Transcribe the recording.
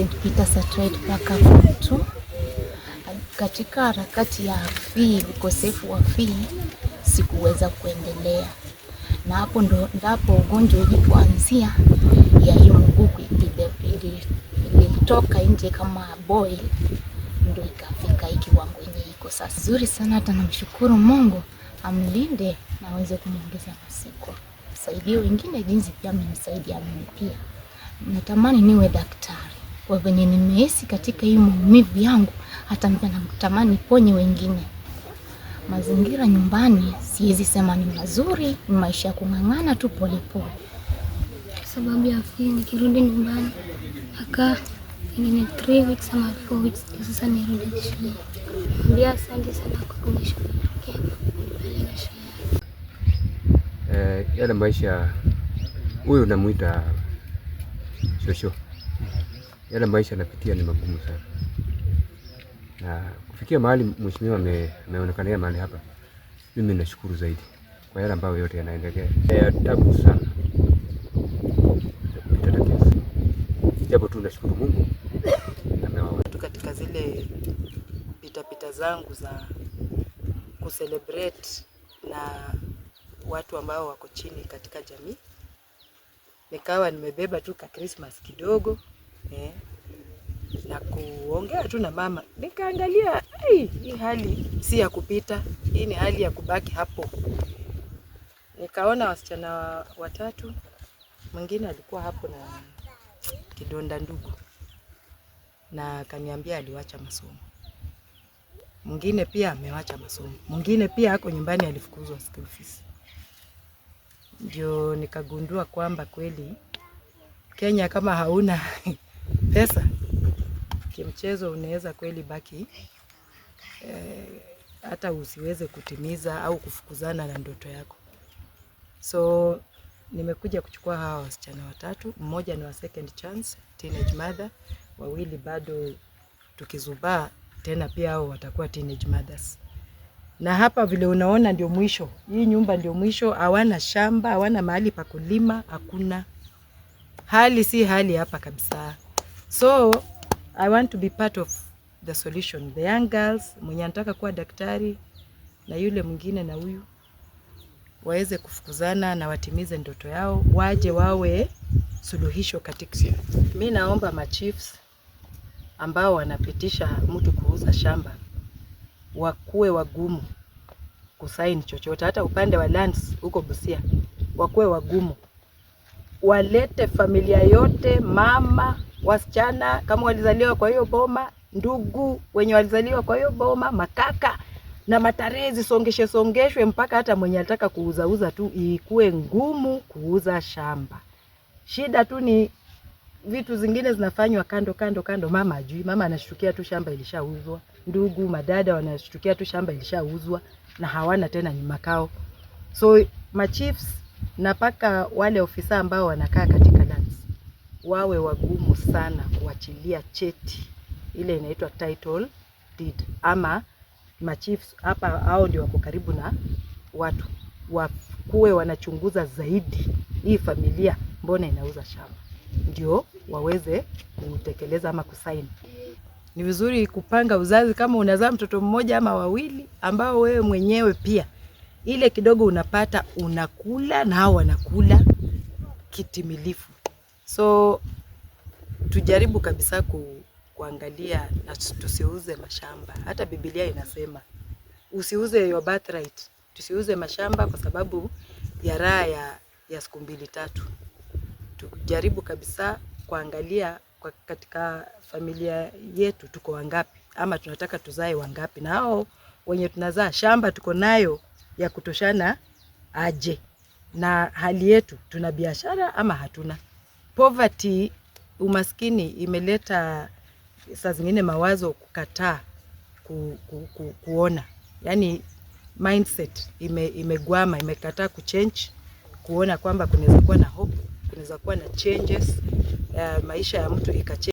St. Peter Trade mpaka Futu. Katika harakati ya fee, ukosefu wa fee, sikuweza kuendelea, na hapo ndo ndapo ugonjwa ulipoanzia ya hiyo mguu ilitoka nje kama boil, ndo ikafika hii kiwango yenye iko sasa. Nzuri sana, hata namshukuru Mungu amlinde na aweze kumwongeza masiku, saidie wengine jinsi pia amenisaidia mimi. Pia natamani niwe daktari kwa venye nimehisi katika hii maumivu yangu, hata mimi natamani ponye wengine. Mazingira nyumbani siwezi sema ni mazuri, ni maisha ya kung'ang'ana tu polepole. Sababu ya fii, nikirudi nyumbani aka ingine 3 weeks ama 4 weeks, sasa nirudi shule. Ndio, asante sana kwa Eh, yale maisha. Huyu namwita shosho yale maisha anapitia ni magumu sana, na kufikia mahali mheshimiwa ameonekania mahali hapa, mimi nashukuru zaidi kwa yale ambayo yote yanaendelea ya tabu sana japo tu nashukuru Mungu amewaona katika zile pitapita zangu za kucelebrate na watu ambao wako chini katika jamii, nikawa nimebeba tu ka Christmas kidogo eh, na kuongea tu na mama. Nikaangalia hii hali si ya kupita, hii ni hali ya kubaki hapo. Nikaona wasichana watatu, mwingine alikuwa hapo na kidonda ndugu, na akaniambia aliwacha masomo mwingine pia amewacha masomo, mwingine pia ako nyumbani, alifukuzwa school fees. Ndio nikagundua kwamba kweli Kenya kama hauna pesa kimchezo, unaweza kweli baki eh, hata usiweze kutimiza au kufukuzana na ndoto yako. So nimekuja kuchukua hawa wasichana watatu, mmoja ni wa second chance teenage mother, wawili bado tukizubaa tena, pia hao watakuwa teenage mothers. Na hapa vile unaona ndio mwisho, hii nyumba ndio mwisho. Hawana shamba, hawana mahali pa kulima, hakuna hali, si hali hapa kabisa. So I want to be part of the solution. The young girls mwenye anataka kuwa daktari na yule mwingine na huyu waweze kufukuzana na watimize ndoto yao, waje wawe suluhisho katika. Mi naomba machiefs ambao wanapitisha mtu kuuza shamba wakuwe wagumu kusaini chochote, hata upande wa lands huko Busia wakuwe wagumu, walete familia yote, mama wasichana kama walizaliwa kwa hiyo boma, ndugu wenye walizaliwa kwa hiyo boma, makaka na matarehe zisongeshe songeshwe mpaka hata mwenye anataka kuuzauza tu ikue ngumu kuuza shamba. Shida tu ni vitu zingine zinafanywa kando kando kando, mama ajui. Mama anashtukia tu shamba ilishauzwa, ndugu madada wanashtukia tu shamba ilishauzwa na hawana tena ni makao. So machiefs na paka wale ofisa ambao wanakaa katika lands wawe wagumu sana kuachilia cheti ile inaitwa title deed, ama machiefs hapa, hao ndio wako karibu na watu, wakuwe wanachunguza zaidi hii familia, mbona inauza shamba, ndio waweze kutekeleza ama kusaini. Ni vizuri kupanga uzazi kama unazaa mtoto mmoja ama wawili, ambao wewe mwenyewe pia ile kidogo unapata unakula na hao wanakula kitimilifu. So tujaribu kabisa ku, kuangalia na tusiuze mashamba. Hata Biblia inasema usiuze your birthright, tusiuze mashamba kwa sababu ya raha ya, ya siku mbili tatu. Tujaribu kabisa kuangalia kwa katika familia yetu tuko wangapi, ama tunataka tuzae wangapi, na hao wenye tunazaa shamba tuko nayo ya kutoshana aje, na hali yetu, tuna biashara ama hatuna? poverty, umaskini imeleta saa zingine mawazo kukataa ku, ku, ku, kuona, yani mindset ime, imegwama imekataa kuchange, kuona kwamba kunaweza kuwa na hope, kunaweza kuwa na changes, uh, maisha ya mtu ikachange.